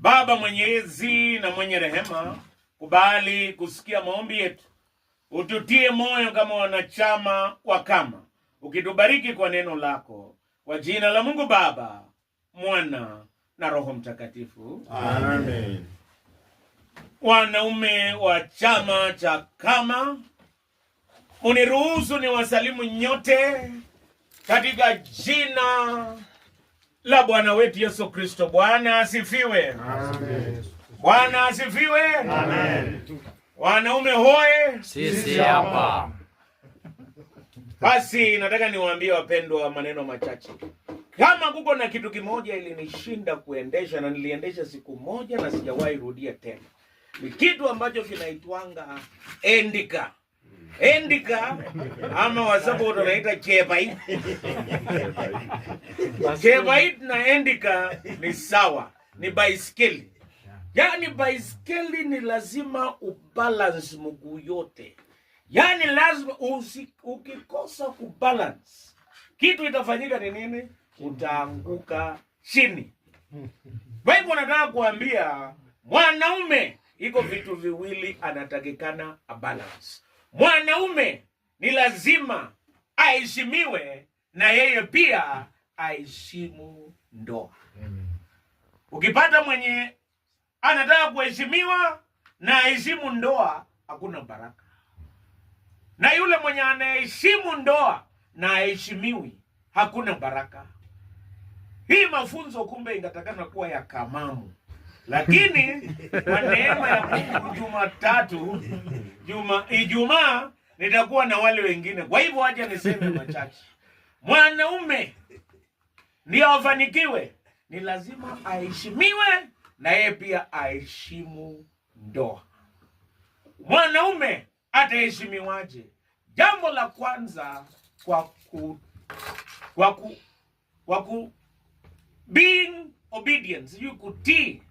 Baba mwenyezi na mwenye rehema, kubali kusikia maombi yetu, ututie moyo kama wanachama wa Kama, ukitubariki kwa neno lako, kwa jina la Mungu Baba, Mwana na Roho Mtakatifu, amen. Wanaume wa chama cha Kama Uniruhusu ni wasalimu nyote katika jina la Bwana wetu Yesu Kristo. Bwana asifiwe. Amen. Bwana asifiwe. Amen. Wanaume hoe, sisi hapa. Basi nataka niwaambie wapendwa, maneno machache. Kama kuko na kitu kimoja ilinishinda kuendesha na niliendesha siku moja na sijawahi rudia tena, ni kitu ambacho kinaitwanga endika Endika ama Waswahili tunaita Chebait. Chebait na Endika ni sawa, ni baiskeli. Yaani baiskeli ni lazima ubalance mguu yote, yaani lazima usi, ukikosa kubalance kitu itafanyika ni nini? Utaanguka chini. Kwa hivyo nataka kuambia mwanaume iko vitu viwili anatakikana abalance Mwanaume ni lazima aheshimiwe na yeye pia aheshimu ndoa. Ukipata mwenye anataka kuheshimiwa na aheshimu ndoa, hakuna baraka. Na yule mwenye anaheshimu ndoa na aheshimiwi, hakuna baraka. Hii mafunzo kumbe inatakana kuwa ya kamamu lakini kwa neema ya Mungu Jumatatu juma Ijumaa nitakuwa na wale wengine. Kwa hivyo waje niseme machache. Mwanaume ndio afanikiwe, ni lazima aheshimiwe na yeye pia aheshimu ndoa. Mwanaume ataheshimiwaje? Jambo la kwanza kwa ku, kwa ku, kwa ku being obedient, sijui kutii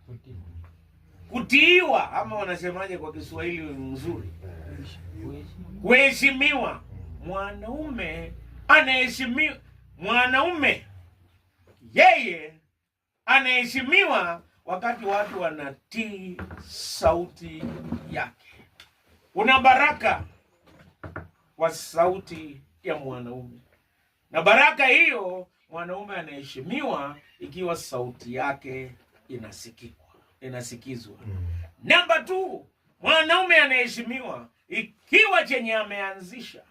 kutiiwa, ama wanasemaje kwa Kiswahili mzuri, kuheshimiwa. Mwanaume anaheshimiwa, mwanaume yeye anaheshimiwa wakati watu wanatii sauti yake. Una baraka kwa sauti ya mwanaume, na baraka hiyo mwanaume anaheshimiwa ikiwa sauti yake inasikikwa inasikizwa. Mm. Namba tu, mwanaume anaheshimiwa ikiwa chenye ameanzisha